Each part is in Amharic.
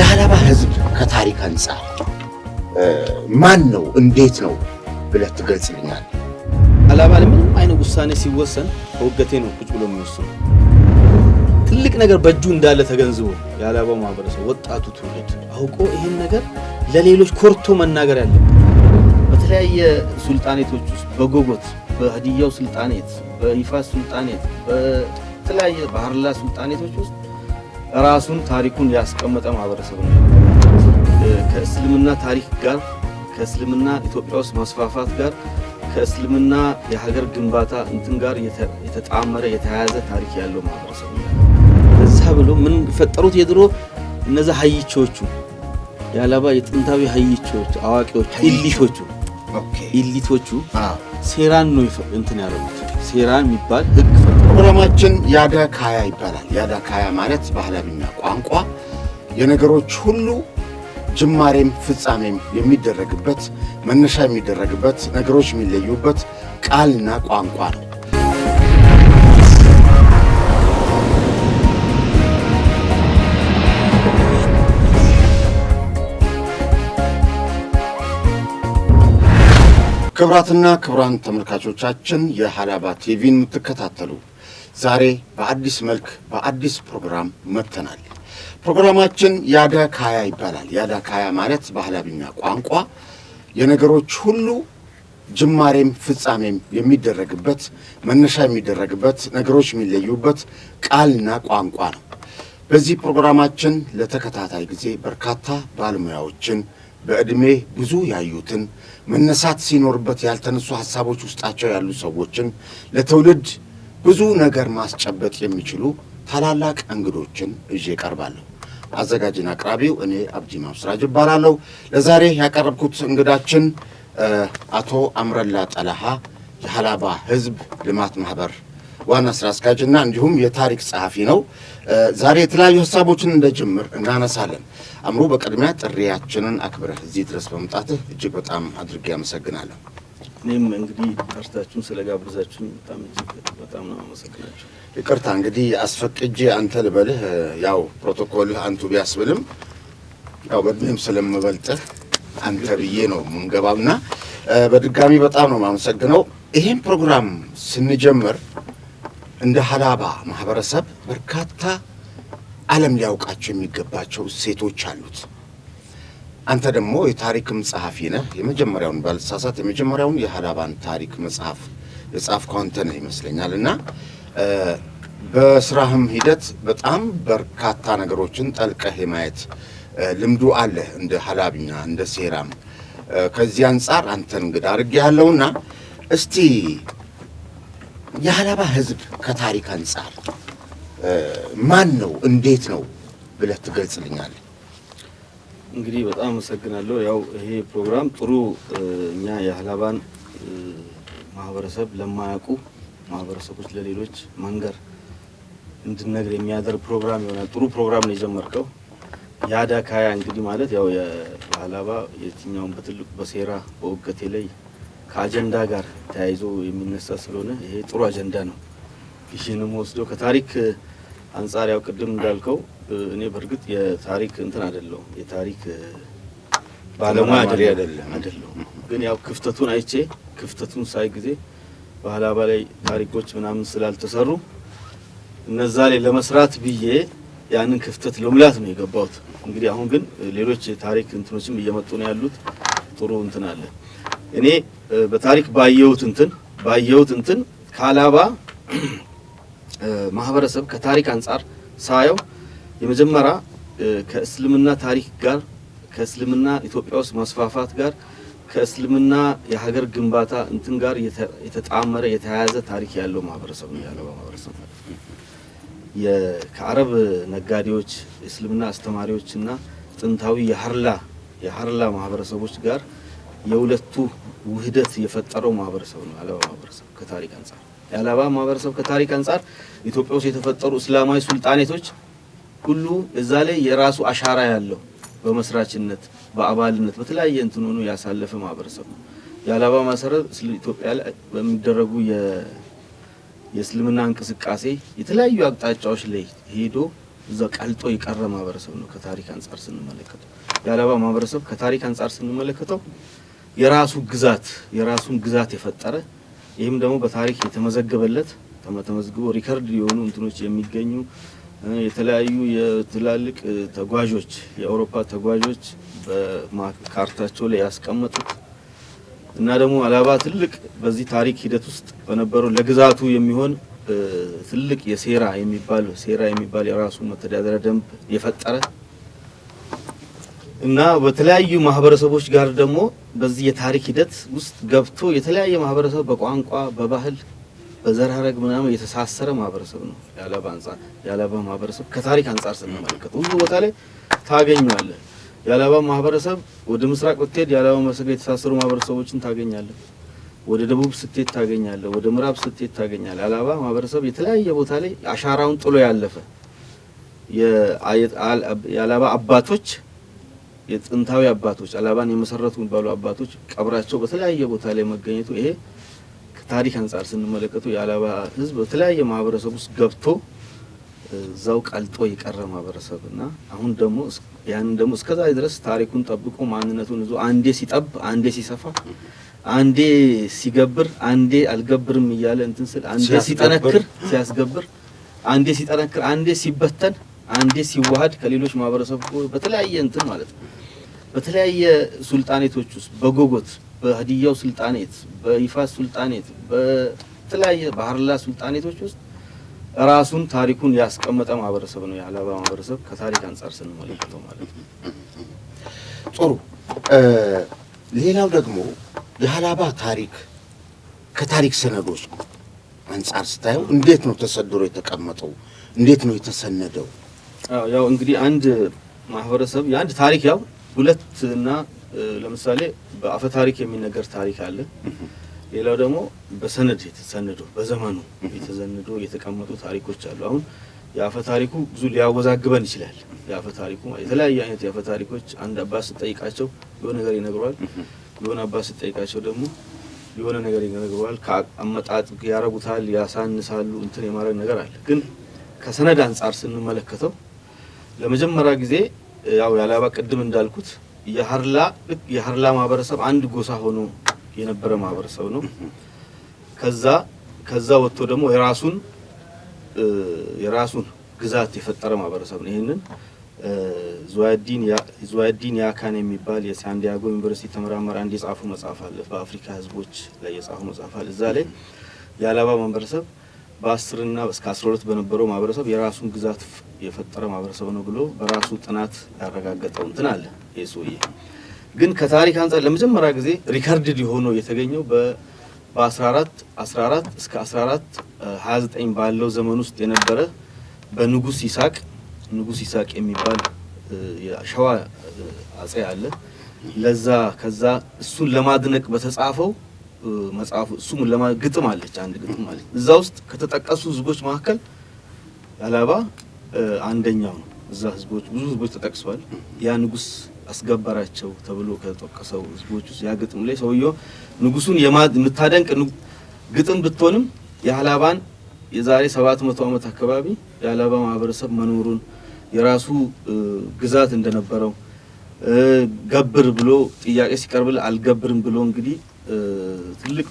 የአላባ ህዝብ ከታሪክ አንጻር ማን ነው? እንዴት ነው ብለህ ትገልጽልኛል? አላባ ለምንም አይነት ውሳኔ ሲወሰን በውገቴ ነው ቁጭ ብሎ የሚወስኑ ትልቅ ነገር በእጁ እንዳለ ተገንዝቦ የአላባው ማህበረሰብ ወጣቱ ትውልድ አውቆ ይህን ነገር ለሌሎች ኮርቶ መናገር ያለበት በተለያየ ሱልጣኔቶች ውስጥ በጎጎት በሀዲያው ሱልጣኔት፣ በይፋ ሱልጣኔት፣ በተለያየ ባህርላ ሱልጣኔቶች ውስጥ ራሱን ታሪኩን ያስቀመጠ ማህበረሰብ ነው። ከእስልምና ታሪክ ጋር ከእስልምና ኢትዮጵያ ውስጥ መስፋፋት ጋር ከእስልምና የሀገር ግንባታ እንትን ጋር የተጣመረ የተያያዘ ታሪክ ያለው ማህበረሰብ ነው። እዛ ብሎ ምን ፈጠሩት? የድሮ እነዚ ሀይቾቹ የአላባ የጥንታዊ ሀይቾቹ አዋቂዎቹ ኢሊቶቹ ኢሊቶቹ ሴራን ነው እንትን ያደረጉት። ሴራን የሚባል ህግ ፕሮግራማችን ያዳ ካያ ይባላል። ያዳ ካያ ማለት ባህላዊና ቋንቋ የነገሮች ሁሉ ጅማሬም ፍጻሜም የሚደረግበት መነሻ የሚደረግበት ነገሮች የሚለዩበት ቃልና ቋንቋ ነው። ክብራትና ክብራን ተመልካቾቻችን የሀላባ ቲቪን የምትከታተሉ ዛሬ በአዲስ መልክ በአዲስ ፕሮግራም መጥተናል። ፕሮግራማችን ያዳ ካያ ይባላል። ያዳ ካያ ማለት ባህላዊኛ ቋንቋ የነገሮች ሁሉ ጅማሬም ፍጻሜም የሚደረግበት መነሻ የሚደረግበት ነገሮች የሚለዩበት ቃልና ቋንቋ ነው። በዚህ ፕሮግራማችን ለተከታታይ ጊዜ በርካታ ባለሙያዎችን በዕድሜ ብዙ ያዩትን መነሳት ሲኖርበት ያልተነሱ ሀሳቦች ውስጣቸው ያሉ ሰዎችን ለትውልድ ብዙ ነገር ማስጨበጥ የሚችሉ ታላላቅ እንግዶችን እዤ ቀርባለሁ። አዘጋጅን አቅራቢው እኔ አብዲ ማብስራጅ እባላለሁ። ለዛሬ ያቀረብኩት እንግዳችን አቶ አምረላ ጠለሃ የሀላባ ህዝብ ልማት ማህበር ዋና ስራ አስኪያጅና እንዲሁም የታሪክ ጸሐፊ ነው። ዛሬ የተለያዩ ሀሳቦችን እንደ ጅምር እናነሳለን። አምሮ፣ በቅድሚያ ጥሪያችንን አክብረህ እዚህ ድረስ በመምጣትህ እጅግ በጣም አድርጌ አመሰግናለሁ። እኔም እንግዲህ ጠርታችሁን ስለጋብዛችሁን በጣም እጅግ በጣም ነው አመሰግናችሁ። ይቅርታ እንግዲህ አስፈቅጄ አንተ ልበልህ ያው ፕሮቶኮልህ አንቱ ቢያስብልም ያው በእድሜም ስለምበልጥህ አንተ ብዬ ነው የምንገባምና በድጋሚ በጣም ነው የማመሰግነው። ይህን ፕሮግራም ስንጀምር እንደ ሀላባ ማህበረሰብ በርካታ ዓለም ሊያውቃቸው የሚገባቸው ሴቶች አሉት። አንተ ደግሞ የታሪክም ጸሐፊ ነህ። የመጀመሪያውን ባልሳሳት የመጀመሪያውን የሀላባን ታሪክ መጽሐፍ የጻፍከው አንተ ነህ ይመስለኛል። እና በስራህም ሂደት በጣም በርካታ ነገሮችን ጠልቀህ የማየት ልምዱ አለህ፣ እንደ ሀላቢኛ እንደ ሴራም። ከዚህ አንጻር አንተን እንግዳ አድርጌ ያለውና እስቲ የሀላባ ህዝብ ከታሪክ አንጻር ማን ነው እንዴት ነው ብለህ ትገልጽልኛለህ? እንግዲህ በጣም አመሰግናለሁ። ያው ይሄ ፕሮግራም ጥሩ እኛ የአህላባን ማህበረሰብ ለማያውቁ ማህበረሰቦች ለሌሎች መንገር እንድነግር የሚያደርግ ፕሮግራም ይሆናል ጥሩ ፕሮግራም ነው የጀመርከው። ያዳ ካያ እንግዲህ ማለት ያው የአህላባ የትኛውን በትልቁ በሴራ በውገቴ ላይ ከአጀንዳ ጋር ተያይዞ የሚነሳ ስለሆነ ይሄ ጥሩ አጀንዳ ነው። ይህንም ወስደው ከታሪክ አንጻር ያው ቅድም እንዳልከው እኔ በእርግጥ የታሪክ እንትን አይደለሁም፣ የታሪክ ባለሙያ አይደለሁም። ግን ያው ክፍተቱን አይቼ ክፍተቱን ሳይ ጊዜ በሀላባ ላይ ታሪኮች ምናምን ስላልተሰሩ እነዛ ላይ ለመስራት ብዬ ያንን ክፍተት ለሙላት ነው የገባሁት። እንግዲህ አሁን ግን ሌሎች የታሪክ እንትኖችም እየመጡ ነው ያሉት። ጥሩ እንትን አለ። እኔ በታሪክ ባየሁት እንትን ባየሁት እንትን ካላባ ማህበረሰብ ከታሪክ አንጻር ሳየው የመጀመሪያ ከእስልምና ታሪክ ጋር ከእስልምና ኢትዮጵያ ውስጥ መስፋፋት ጋር ከእስልምና የሀገር ግንባታ እንትን ጋር የተጣመረ የተያያዘ ታሪክ ያለው ማህበረሰብ ነው ያለው ማህበረሰብ ከአረብ ነጋዴዎች፣ እስልምና አስተማሪዎች እና ጥንታዊ የሀርላ የሀርላ ማህበረሰቦች ጋር የሁለቱ ውህደት የፈጠረው ማህበረሰብ ነው የአለባ ማህበረሰብ ከታሪክ አንጻር። የአለባ ማህበረሰብ ከታሪክ አንጻር ኢትዮጵያ ውስጥ የተፈጠሩ እስላማዊ ሱልጣኔቶች ሁሉ እዛ ላይ የራሱ አሻራ ያለው በመስራችነት በአባልነት በተለያየ እንትን ሆኖ ያሳለፈ ማህበረሰብ ነው። የአላባ ማሰረት ኢትዮጵያ ላይ በሚደረጉ የእስልምና እንቅስቃሴ የተለያዩ አቅጣጫዎች ላይ ሄዶ እዛ ቀልጦ የቀረ ማህበረሰብ ነው። ከታሪክ አንጻር ስንመለከተው የአላባ ማህበረሰብ ከታሪክ አንጻር ስንመለከተው የራሱ ግዛት የራሱን ግዛት የፈጠረ ይህም ደግሞ በታሪክ የተመዘገበለት ተመዝግቦ ሪከርድ የሆኑ እንትኖች የሚገኙ የተለያዩ የትላልቅ ተጓዦች የአውሮፓ ተጓዦች በካርታቸው ላይ ያስቀመጡት እና ደግሞ አላባ ትልቅ በዚህ ታሪክ ሂደት ውስጥ በነበረው ለግዛቱ የሚሆን ትልቅ የሴራ የሚባል ሴራ የሚባል የራሱ መተዳደሪያ ደንብ የፈጠረ እና በተለያዩ ማህበረሰቦች ጋር ደግሞ በዚህ የታሪክ ሂደት ውስጥ ገብቶ የተለያየ ማህበረሰብ በቋንቋ፣ በባህል በዘር ሀረግ ምናምን የተሳሰረ ማህበረሰብ ነው የአላባ አንጻር የአላባ ማህበረሰብ ከታሪክ አንጻር ስንመለከት ሁሉ ቦታ ላይ ታገኘዋለህ። የአላባ ማህበረሰብ ወደ ምስራቅ ብትሄድ የአላባ ማህበረሰብ የተሳሰሩ ማህበረሰቦችን ታገኛለህ። ወደ ደቡብ ስትሄድ ታገኛለህ። ወደ ምዕራብ ስትሄድ ታገኛለህ። የአላባ ማህበረሰብ የተለያየ ቦታ ላይ አሻራውን ጥሎ ያለፈ የአላባ አባቶች የጥንታዊ አባቶች አላባን የመሰረቱ የሚባሉ አባቶች ቀብራቸው በተለያየ ቦታ ላይ መገኘቱ ይሄ ታሪክ አንጻር ስንመለከቱ የአላባ ህዝብ በተለያየ ማህበረሰብ ውስጥ ገብቶ እዛው ቀልጦ የቀረ ማህበረሰብ እና አሁን ደግሞ ያንን ደግሞ እስከዛ ድረስ ታሪኩን ጠብቆ ማንነቱን ይዞ አንዴ ሲጠብ፣ አንዴ ሲሰፋ፣ አንዴ ሲገብር፣ አንዴ አልገብርም እያለ እንትን ስል አንዴ ሲጠነክር ሲያስገብር፣ አንዴ ሲጠነክር፣ አንዴ ሲበተን፣ አንዴ ሲዋሃድ ከሌሎች ማህበረሰብ በተለያየ እንትን ማለት ነው በተለያየ ሱልጣኔቶች ውስጥ በጎጎት በህድያው ሱልጣኔት፣ በይፋ ሱልጣኔት፣ በተለያየ ባህርላ ሱልጣኔቶች ውስጥ ራሱን ታሪኩን ያስቀመጠ ማህበረሰብ ነው የሀላባ ማህበረሰብ ከታሪክ አንጻር ስንመለከተው ማለት ነው። ጥሩ። ሌላው ደግሞ የሀላባ ታሪክ ከታሪክ ሰነዶች አንጻር ስታየው እንዴት ነው ተሰድሮ የተቀመጠው? እንዴት ነው የተሰነደው? ያው እንግዲህ አንድ ማህበረሰብ የአንድ ታሪክ ያው ሁለት እና ለምሳሌ በአፈ ታሪክ የሚነገር ታሪክ አለ። ሌላው ደግሞ በሰነድ የተሰንዶ በዘመኑ የተዘንዶ የተቀመጡ ታሪኮች አሉ። አሁን የአፈ ታሪኩ ብዙ ሊያወዛግበን ይችላል። የአፈ ታሪኩ የተለያየ አይነት የአፈ ታሪኮች አንድ አባት ስጠይቃቸው የሆነ ነገር ይነግረዋል። የሆነ አባት ስጠይቃቸው ደግሞ የሆነ ነገር ይነግረዋል። ከአመጣጥ ያረጉታል፣ ያሳንሳሉ፣ እንትን የማድረግ ነገር አለ። ግን ከሰነድ አንጻር ስንመለከተው ለመጀመሪያ ጊዜ ያው ያለአባ ቅድም እንዳልኩት የሀርላ ልክ የሀርላ ማህበረሰብ አንድ ጎሳ ሆኖ የነበረ ማህበረሰብ ነው። ከዛ ከዛ ወጥቶ ደግሞ የራሱን የራሱን ግዛት የፈጠረ ማህበረሰብ ነው። ይህንን ዙዋያዲን የአካን የሚባል የሳንዲያጎ ዩኒቨርሲቲ ተመራማሪ አንድ የጻፉ መጽሐፍ አለ። በአፍሪካ ህዝቦች ላይ የጻፉ መጽሐፍ አለ። እዛ ላይ የአላባ ማህበረሰብ በአስርና እስከ አስራ ሁለት በነበረው ማህበረሰብ የራሱን ግዛት የፈጠረ ማህበረሰብ ነው ብሎ በራሱ ጥናት ያረጋገጠው እንትን አለ። ይህ ሰውዬ ግን ከታሪክ አንጻር ለመጀመሪያ ጊዜ ሪከርድድ የሆነው የተገኘው በ1414 እስከ 1429 ባለው ዘመን ውስጥ የነበረ በንጉስ ይሳቅ ንጉስ ይሳቅ የሚባል የሸዋ አጼ አለ። ለዛ ከዛ እሱን ለማድነቅ በተጻፈው መጽሐፉ እሱም ግጥም አለች አንድ ግጥም አለች። እዛ ውስጥ ከተጠቀሱ ህዝቦች መካከል አላባ አንደኛው ነው። እዛ ህዝቦች ብዙ ህዝቦች ተጠቅሷል። ያ ንጉስ አስገበራቸው ተብሎ ከተጠቀሰው ህዝቦች ውስጥ ያ ግጥም ላይ ሰውየው ንጉሱን የምታደንቅ ግጥም ብትሆንም የሀላባን የዛሬ ሰባት መቶ ዓመት አካባቢ የሀላባ ማህበረሰብ መኖሩን የራሱ ግዛት እንደነበረው ገብር ብሎ ጥያቄ ሲቀርብል አልገብርም ብሎ እንግዲህ ትልቅ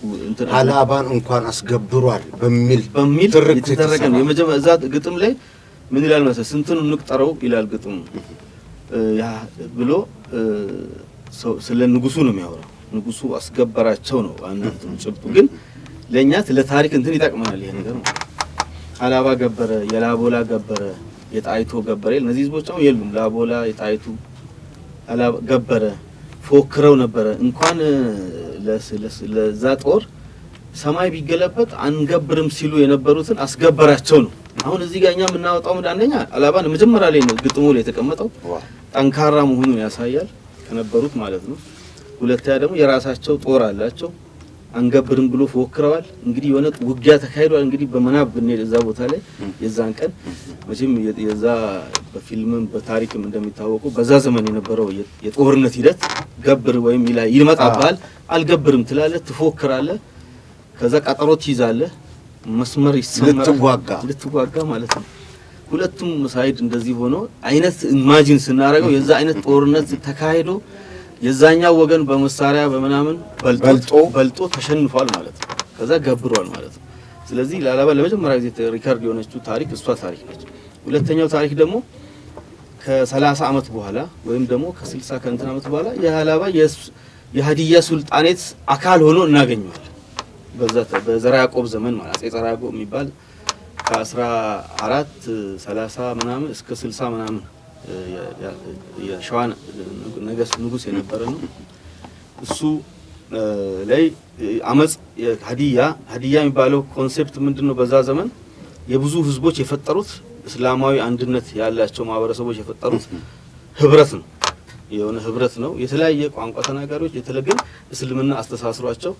ሀላባን እንኳን አስገብሯል በሚል በሚል የተደረገ ነው። የመጀመሪያ እዛ ግጥም ላይ ምን ይላል መሰለህ? ስንቱን እንቁጠረው ይላል ግጥሙ ያ ብሎ ስለ ንጉሱ ነው የሚያወራው። ንጉሱ አስገበራቸው ነው አንዱ ጭብጡ። ግን ለእኛ ለታሪክ እንትን ይጠቅመናል ይሄ ነገር ነው። አላባ ገበረ፣ የላቦላ ገበረ፣ የጣይቶ ገበረ እነዚህ ህዝቦች አሁን የሉም። ላቦላ፣ የጣይቱ አላባ ገበረ ፎክረው ነበረ። እንኳን ለዛ ጦር ሰማይ ቢገለበጥ አንገብርም ሲሉ የነበሩትን አስገበራቸው ነው አሁን እዚህ ጋር እኛ የምናወጣው አንደኛ ነው። መጀመሪያ ላይ ነው ግጥሙ ላይ የተቀመጠው ጠንካራ መሆኑን ያሳያል ከነበሩት ማለት ነው። ሁለተኛ ደግሞ የራሳቸው ጦር አላቸው። አንገብርም ብሎ ፎክረዋል። እንግዲህ የሆነ ውጊያ ተካሂዷል። እንግዲህ በመናብ ብንሄድ እዛ ቦታ ላይ የዛን ቀን መቼም የዛ በፊልምም በታሪክም እንደሚታወቀው በዛ ዘመን የነበረው የጦርነት ሂደት ገብር ወይም ይመጣብሃል፣ አልገብርም ትላለህ፣ ትፎክራለህ፣ ከዛ ቀጠሮ ትይዛለህ መስመር ይሰመራል፣ ልትዋጋ ማለት ነው። ሁለቱም ሳይድ እንደዚህ ሆኖ አይነት ኢማጂን ስናደርገው የዛ አይነት ጦርነት ተካሂዶ የዛኛው ወገን በመሳሪያ በምናምን በልጦ በልጦ ተሸንፏል ማለት ነው። ከዛ ገብሯል ማለት ነው። ስለዚህ ላላባ ለመጀመሪያ ጊዜ ሪከርድ የሆነችው ታሪክ እሷ ታሪክ ነች። ሁለተኛው ታሪክ ደግሞ ከሰላሳ ዓመት በኋላ ወይም ደግሞ ከስልሳ ከእንትን ዓመት በኋላ የላላባ የሀዲያ ሱልጣኔት አካል ሆኖ እናገኘዋለን። በዘራ ያዕቆብ ዘመን ማለት አጼ ዘራ ያዕቆብ የሚባል ከአስራ አራት ሰላሳ ምናምን እስከ ስልሳ ምናምን የሸዋ ነገስ ንጉስ የነበረ ነው። እሱ ላይ አመፅ ሀዲያ ሀዲያ የሚባለው ኮንሴፕት ምንድን ነው? በዛ ዘመን የብዙ ህዝቦች የፈጠሩት እስላማዊ አንድነት ያላቸው ማህበረሰቦች የፈጠሩት ህብረት ነው። የሆነ ህብረት ነው። የተለያየ ቋንቋ ተናጋሪዎች የተለግን እስልምና አስተሳስሯቸው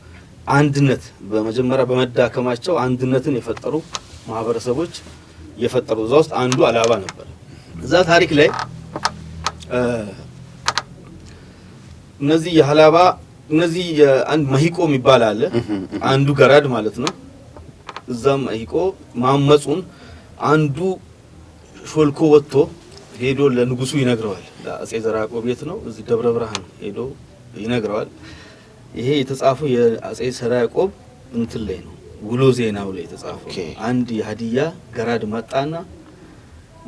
አንድነት በመጀመሪያ በመዳከማቸው አንድነትን የፈጠሩ ማህበረሰቦች የፈጠሩ እዛ ውስጥ አንዱ አላባ ነበር። እዛ ታሪክ ላይ እነዚህ የሀላባ እነዚህ አንድ መሂቆ የሚባል አለ አንዱ ገራድ ማለት ነው። እዛ መሂቆ ማመፁን አንዱ ሾልኮ ወጥቶ ሄዶ ለንጉሱ ይነግረዋል። አጼ ዘርዓ ያዕቆብ ቤት ነው እዚህ ደብረ ብርሃን ሄዶ ይነግረዋል። ይሄ የተጻፈው የአጼ ሰራ ያዕቆብ እንትን ላይ ነው፣ ውሎ ዜናው ላይ የተጻፈው። አንድ የሀዲያ ገራድ መጣና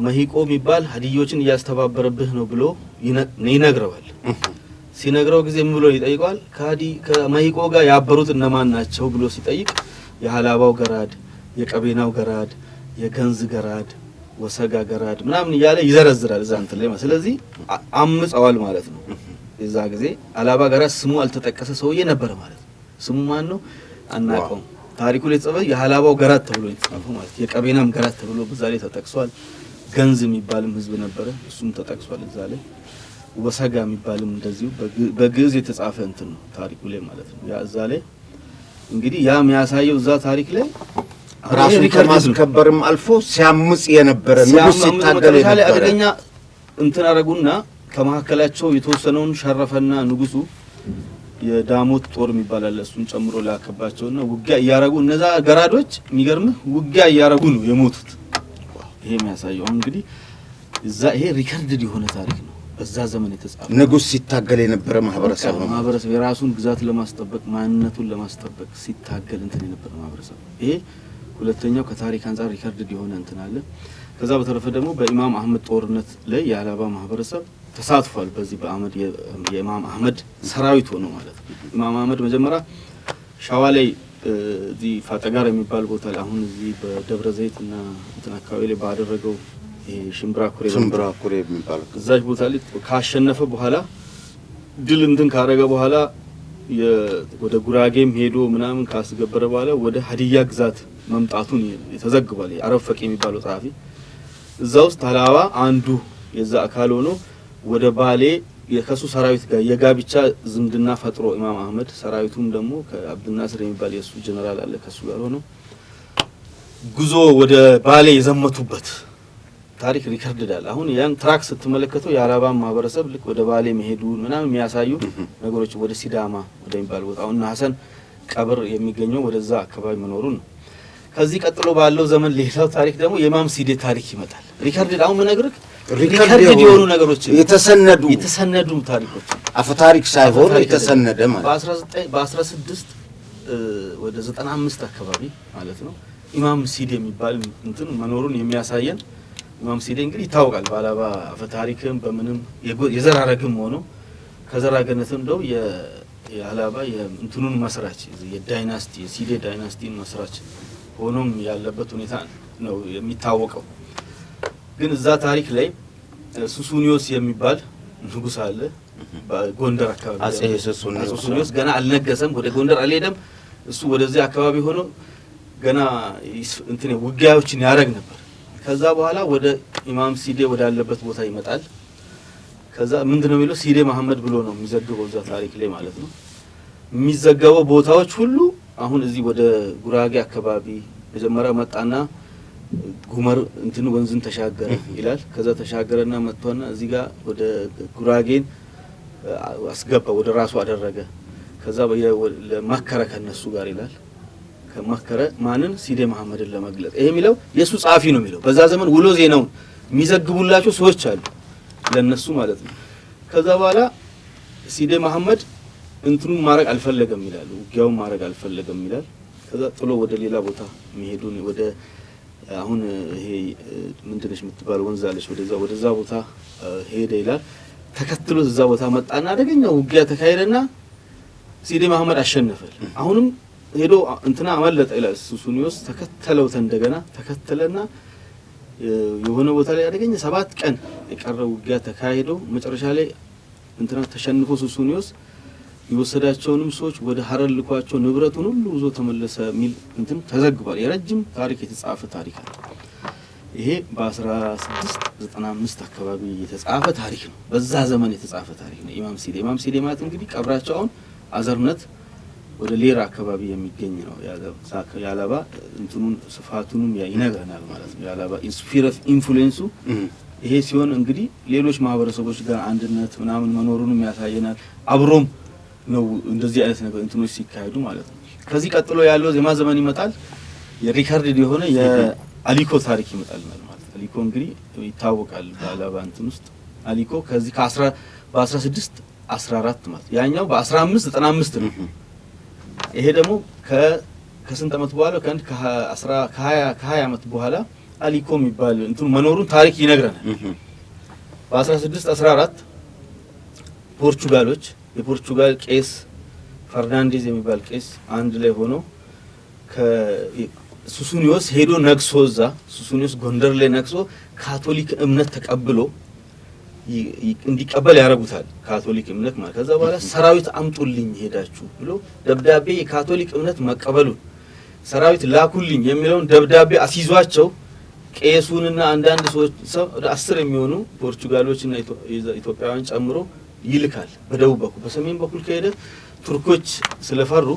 መሂቆ የሚባል ሀዲዮችን እያስተባበረብህ ነው ብሎ ይነግረዋል። ሲነግረው ጊዜ ምን ብሎ ይጠይቀዋል? ከመሂቆ ጋር ያበሩት እነማን ናቸው ብሎ ሲጠይቅ የሀላባው ገራድ፣ የቀቤናው ገራድ፣ የገንዝ ገራድ፣ ወሰጋ ገራድ ምናምን እያለ ይዘረዝራል እዛ እንትን ላይ። ስለዚህ አምፀዋል ማለት ነው። የዛ ጊዜ አላባ ጋራ ስሙ አልተጠቀሰ ሰውዬ ነበረ ማለት ነው። ስሙ ማን ነው አናውቀውም። ታሪኩ ላይ የተጻፈ የሀላባው ገራት ተብሎ የተጻፈው ማለት የቀቤናም ገራት ተብሎ በዛ ላይ ተጠቅሷል። ገንዝ የሚባልም ህዝብ ነበረ፣ እሱም ተጠቅሷል እዛ ላይ። ወሰጋ የሚባልም እንደዚሁ በግዕዝ የተጻፈ እንትን ነው ታሪኩ ላይ ማለት ነው። ያ እዛ ላይ እንግዲህ ያ የሚያሳየው እዛ ታሪክ ላይ ራሱን ከማስከበርም አልፎ ሲያምጽ የነበረ ንጉስ ሲታገል የነበረ አደገኛ እንትን አረጉና ከመካከላቸው የተወሰነውን ሸረፈና ንጉሱ የዳሞት ጦር የሚባል አለ። እሱን ጨምሮ ላከባቸውና ውጊያ እያረጉ እነዛ ገራዶች የሚገርምህ ውጊያ እያረጉ ነው የሞቱት። ይሄ የሚያሳየው አሁን እንግዲህ እዛ ይሄ ሪከርድድ የሆነ ታሪክ ነው። በዛ ዘመን የተጻፈ ንጉስ ሲታገል የነበረ ማህበረሰብ ነው። ማህበረሰብ የራሱን ግዛት ለማስጠበቅ ማንነቱን ለማስጠበቅ ሲታገል እንትን የነበረ ማህበረሰብ ነው። ይሄ ሁለተኛው ከታሪክ አንጻር ሪከርድድ የሆነ እንትን አለ። ከዛ በተረፈ ደግሞ በኢማም አህመድ ጦርነት ላይ የአላባ ማህበረሰብ ተሳትፏል። በዚህ በአህመድ የኢማም አህመድ ሰራዊት ሆኖ ማለት ነው። ኢማም አህመድ መጀመሪያ ሻዋ ላይ እዚህ ፋጠጋር የሚባል ቦታ ላይ አሁን እዚህ በደብረ ዘይት እና እንትን አካባቢ ላይ ባደረገው ሽምብራ ኩሬ ሽምብራ ኩሬ የሚባል እዛች ቦታ ላይ ካሸነፈ በኋላ ድል እንትን ካረገ በኋላ ወደ ጉራጌም ሄዶ ምናምን ካስገበረ በኋላ ወደ ሀዲያ ግዛት መምጣቱን ተዘግቧል። አረብ ፈቂ የሚባለው ጸሐፊ እዛ ውስጥ ሀላባ አንዱ የዛ አካል ሆኖ ወደ ባሌ ከሱ ሰራዊት ጋር የጋብቻ ዝምድና ፈጥሮ ኢማም አህመድ ሰራዊቱም ደግሞ ከአብድናስር የሚባል የእሱ ጀነራል አለ ከሱ ጋር ሆነው ጉዞ ወደ ባሌ የዘመቱበት ታሪክ ሪከርድዳል። አሁን ያን ትራክ ስትመለከተው የአረባን ማህበረሰብ ልክ ወደ ባሌ መሄዱን ምናምን የሚያሳዩ ነገሮች ወደ ሲዳማ ወደሚባል ቦታ አሁን ሀሰን ቀብር የሚገኘው ወደዛ አካባቢ መኖሩ ነው። ከዚህ ቀጥሎ ባለው ዘመን ሌላው ታሪክ ደግሞ የኢማም ሲዴ ታሪክ ይመጣል። ሪከርድ አሁን መነግርህ ሪከርድ የሆኑ ነገሮች የተሰነዱ የተሰነዱ ታሪኮች አፈ ታሪክ ሳይሆን የተሰነደ ማለት በ16 19 በ ወደ 95 አካባቢ ማለት ነው። ኢማም ሲዴ የሚባል እንትን መኖሩን የሚያሳየን ኢማም ሲዴ እንግዲህ ይታወቃል። ባላባ አፈ ታሪክም በምንም የዘራረግም ሆኖ ከዘራገነትም እንደው የአላባ የእንትኑን መስራች የዳይናስቲ የሲዴ ዳይናስቲን መስራች ሆኖም ያለበት ሁኔታ ነው የሚታወቀው። ግን እዛ ታሪክ ላይ ሱሱኒዮስ የሚባል ንጉስ አለ። በጎንደር አካባቢ አጼ ሱሱኒዮስ ገና አልነገሰም፣ ወደ ጎንደር አልሄደም። እሱ ወደዚህ አካባቢ ሆኖ ገና እንትን ውጊያዎችን ያደረግ ነበር። ከዛ በኋላ ወደ ኢማም ሲዴ ወዳለበት ቦታ ይመጣል። ከዛ ምንድን ነው የሚለው ሲዴ መሐመድ ብሎ ነው የሚዘግበው እዛ ታሪክ ላይ ማለት ነው። የሚዘገበው ቦታዎች ሁሉ አሁን እዚህ ወደ ጉራጌ አካባቢ መጀመሪያ መጣና ጉመር እንትን ወንዝን ተሻገረ ይላል። ከዛ ተሻገረና መጥቷና እዚህ ጋ ወደ ጉራጌን አስገባ ወደ ራሱ አደረገ። ከዛ መከረ ከነሱ ጋር ይላል። ከመከረ ማንን ሲዴ መሐመድን ለመግለጽ ይሄ የሚለው የእሱ ጸሐፊ ነው የሚለው። በዛ ዘመን ውሎ ዜናውን የሚዘግቡላቸው ሰዎች አሉ፣ ለነሱ ማለት ነው። ከዛ በኋላ ሲዴ መሐመድ እንትኑን ማድረግ አልፈለገም ይላል፣ ውጊያውን ማድረግ አልፈለገም ይላል። ከዛ ጥሎ ወደ ሌላ ቦታ መሄዱን ወደ አሁን ይሄ ምንድነች የምትባል ወንዝ አለች፣ ወደዛ ወደዛ ቦታ ሄደ ይላል። ተከትሎ እዛ ቦታ መጣና አደገኛ ውጊያ ተካሄደና ሲዲ መሐመድ አሸነፈል። አሁንም ሄዶ እንትና አመለጠ ይላል። ሱሱኒዮስ ተከተለው እንደገና ተከተለና የሆነ ቦታ ላይ አደገኛ ሰባት ቀን የቀረ ውጊያ ተካሄዶ መጨረሻ ላይ እንትና ተሸንፎ ሱሱኒዮስ የወሰዳቸውንም ሰዎች ወደ ሀረር ልኳቸው ንብረቱን ሁሉ ይዞ ተመለሰ የሚል እንትን ተዘግቧል። የረጅም ታሪክ የተጻፈ ታሪክ ነው። ይሄ በ1695 አካባቢ የተጻፈ ታሪክ ነው። በዛ ዘመን የተጻፈ ታሪክ ነው። ኢማም ሲዴ ኢማም ሲዴ ማለት እንግዲህ ቀብራቸው አሁን አዘርነት ወደ ሌራ አካባቢ የሚገኝ ነው። የአለባ እንትኑን ስፋቱንም ይነግረናል ማለት ነው። የአለባ ስፊረፍ ኢንፍሉዌንሱ ይሄ ሲሆን እንግዲህ ሌሎች ማህበረሰቦች ጋር አንድነት ምናምን መኖሩንም ያሳየናል አብሮም ነው እንደዚህ አይነት ነገር እንትኖች ሲካሄዱ ማለት ነው። ከዚህ ቀጥሎ ያለው ዜማ ዘመን ይመጣል። የሪከርድ የሆነ የአሊኮ ታሪክ ይመጣል ማለት ነው። አሊኮ እንግዲህ ይታወቃል በአላባ ውስጥ አሊኮ ከዚህ ከ16 14 ማለት ያኛው በ1595 ነው። ይሄ ደግሞ ከስንት ዓመት በኋላ ከአንድ ከ20 ከ20 ዓመት በኋላ አሊኮ የሚባል እንትን መኖሩን ታሪክ ይነግረናል። በ1614 ፖርቹጋሎች የፖርቹጋል ቄስ ፈርናንዴዝ የሚባል ቄስ አንድ ላይ ሆኖ ሱሱኒዮስ ሄዶ ነግሶ እዛ ሱሱኒዮስ ጎንደር ላይ ነግሶ ካቶሊክ እምነት ተቀብሎ እንዲቀበል ያደረጉታል። ካቶሊክ እምነት ማለት ከዛ በኋላ ሰራዊት አምጡልኝ ሄዳችሁ ብሎ ደብዳቤ የካቶሊክ እምነት መቀበሉን ሰራዊት ላኩልኝ የሚለውን ደብዳቤ አስይዟቸው ቄሱንና አንዳንድ ሰዎች ሰው ወደ አስር የሚሆኑ ፖርቹጋሎችና ኢትዮጵያውያን ጨምሮ ይልካል። በደቡብ በኩል በሰሜን በኩል ከሄደ ቱርኮች ስለፈሩ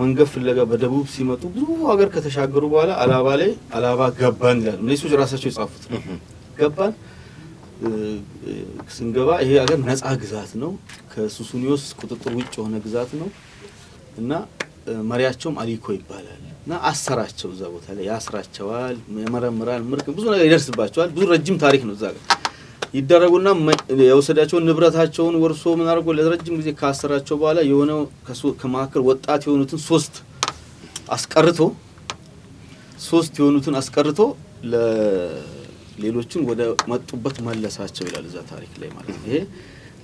መንገድ ፍለጋ በደቡብ ሲመጡ ብዙ ሀገር ከተሻገሩ በኋላ አላባ ላይ አላባ ገባን ይላሉ። እነሱች ራሳቸው የጻፉት ገባን ስንገባ ይሄ ሀገር ነጻ ግዛት ነው፣ ከሱሱኒዮስ ቁጥጥር ውጭ የሆነ ግዛት ነው እና መሪያቸውም አሊኮ ይባላል እና አሰራቸው እዛ ቦታ ላይ ያስራቸዋል፣ የመረምራል፣ ምርቅ ብዙ ነገር ይደርስባቸዋል። ብዙ ረጅም ታሪክ ነው እዛ ጋር ይደረጉና የወሰዳቸውን ንብረታቸውን ወርሶ ምን አድርጎ ለረጅም ጊዜ ካሰራቸው በኋላ የሆነ ከመካከል ወጣት የሆኑትን ሶስት አስቀርቶ ሶስት የሆኑትን አስቀርቶ ሌሎችን ወደ መጡበት መለሳቸው ይላል እዛ ታሪክ ላይ ማለት ነው። ይሄ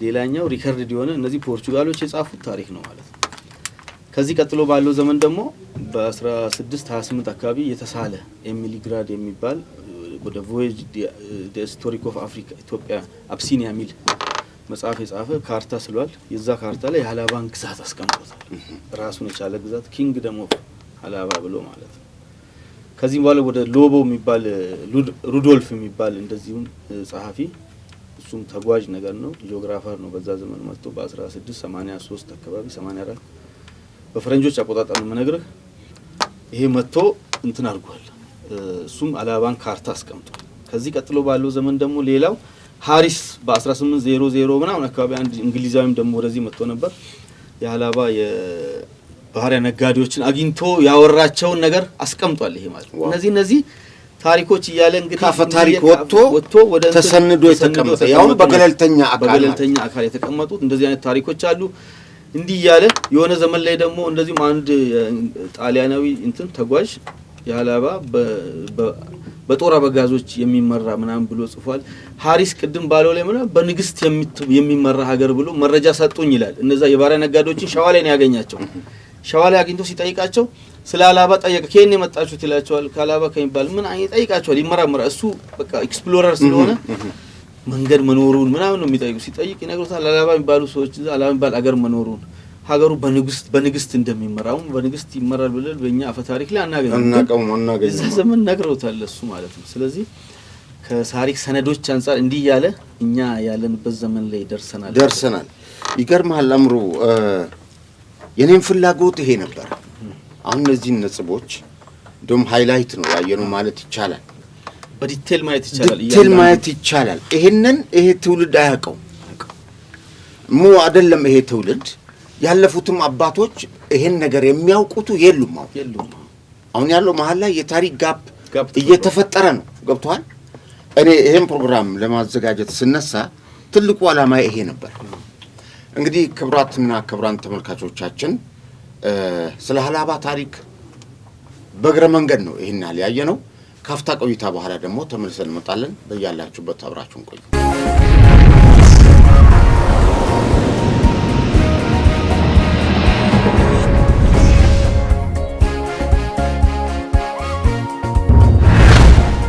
ሌላኛው ሪከርድ የሆነ እነዚህ ፖርቹጋሎች የጻፉት ታሪክ ነው ማለት ነው። ከዚህ ቀጥሎ ባለው ዘመን ደግሞ በ1628 አካባቢ የተሳለ ኤሚሊግራድ የሚባል ወደ ቮየጅ ስቶሪክ ኦፍ አፍሪካ ኢትዮጵያ አብሲኒያ የሚል መጽሐፍ የጻፈ ካርታ ስሏል። የዛ ካርታ ላይ የሀላባን ግዛት አስቀምጦታል። ራሱን የቻለ ግዛት ኪንግ ኦፍ ሀላባ ብሎ ማለት ነው። ከዚህም በኋላ ወደ ሎቦ የሚባል ሩዶልፍ የሚባል እንደዚሁም ጸሐፊ እሱም ተጓዥ ነገር ነው፣ ጂኦግራፈር ነው። በዛ ዘመን መጥቶ በ1683 አካባቢ 84 በፈረንጆች አቆጣጠር ነው የምነግርህ ይሄ መጥቶ እንትን አድርጓል እሱም አላባን ካርታ አስቀምጧል። ከዚህ ቀጥሎ ባለው ዘመን ደግሞ ሌላው ሀሪስ በ1800 ምናምን አካባቢ አንድ እንግሊዛዊም ደግሞ ወደዚህ መጥቶ ነበር። የአላባ የባህሪያ ነጋዴዎችን አግኝቶ ያወራቸውን ነገር አስቀምጧል። ይሄ ማለት እነዚህ እነዚህ ታሪኮች እያለ እንግዲህ ካፈ ታሪክ ወጥቶ ወደ ተሰንዶ የተቀመጠ በገለልተኛ አካል በገለልተኛ አካል የተቀመጡት እንደዚህ አይነት ታሪኮች አሉ። እንዲህ እያለ የሆነ ዘመን ላይ ደግሞ እንደዚሁም አንድ ጣሊያናዊ እንትን ተጓዥ የአላባ በጦር አበጋዞች የሚመራ ምናምን ብሎ ጽፏል። ሀሪስ ቅድም ባለው ላይ ምናምን በንግስት የሚመራ ሀገር ብሎ መረጃ ሰጡኝ ይላል። እነዛ የባሪያ ነጋዴዎችን ሸዋ ላይ ነው ያገኛቸው። ሸዋ ላይ አግኝቶ ሲጠይቃቸው ስለ አላባ ጠየቀ። ከየት የመጣችሁት ይላቸዋል። ከአላባ ከሚባል ምን ይጠይቃቸዋል። ይመራመራል። እሱ በቃ ኤክስፕሎረር ስለሆነ መንገድ መኖሩን ምናምን ነው የሚጠይቁ። ሲጠይቅ ይነግሩታል። አላባ የሚባሉ ሰዎች አላባ የሚባል አገር መኖሩን ሀገሩ በንግስት በንግስት እንደሚመራው በንግስት ይመራል ብለን በእኛ አፈ ታሪክ ላይ አናገኝ እዛ ዘመን ነግረውታል እሱ ማለት ነው። ስለዚህ ከታሪክ ሰነዶች አንጻር እንዲህ እያለ እኛ ያለንበት ዘመን ላይ ደርሰናል ደርሰናል። ይገርምሃል አምሮ፣ የኔም ፍላጎት ይሄ ነበር። አሁን እነዚህን ነጥቦች እንደውም ሃይላይት ነው ያየኑ ማለት ይቻላል። በዲቴል ማየት ይቻላል። ዲቴል ማየት ይቻላል። ይሄንን ይሄ ትውልድ አያውቀው ሙ አይደለም ይሄ ትውልድ ያለፉትም አባቶች ይሄን ነገር የሚያውቁቱ የሉም። አሁን አሁን ያለው መሀል ላይ የታሪክ ጋፕ እየተፈጠረ ነው። ገብተዋል። እኔ ይሄን ፕሮግራም ለማዘጋጀት ስነሳ ትልቁ ዓላማ ይሄ ነበር። እንግዲህ ክብራትና ክብራን ተመልካቾቻችን ስለ ሀላባ ታሪክ በእግረ መንገድ ነው ይህን ያህል ያየ ነው። ካፍታ ቆይታ በኋላ ደግሞ ተመልሰን እንመጣለን። በያላችሁበት አብራችሁን ቆዩ።